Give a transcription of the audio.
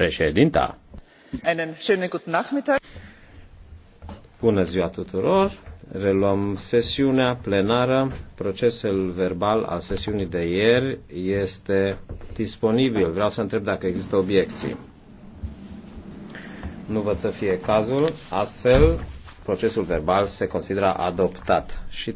Președinta. Bună ziua tuturor! Reluăm sesiunea plenară. Procesul verbal al sesiunii de ieri este disponibil. Vreau să întreb dacă există obiecții. Nu văd să fie cazul. Astfel, procesul verbal se consideră adoptat. Și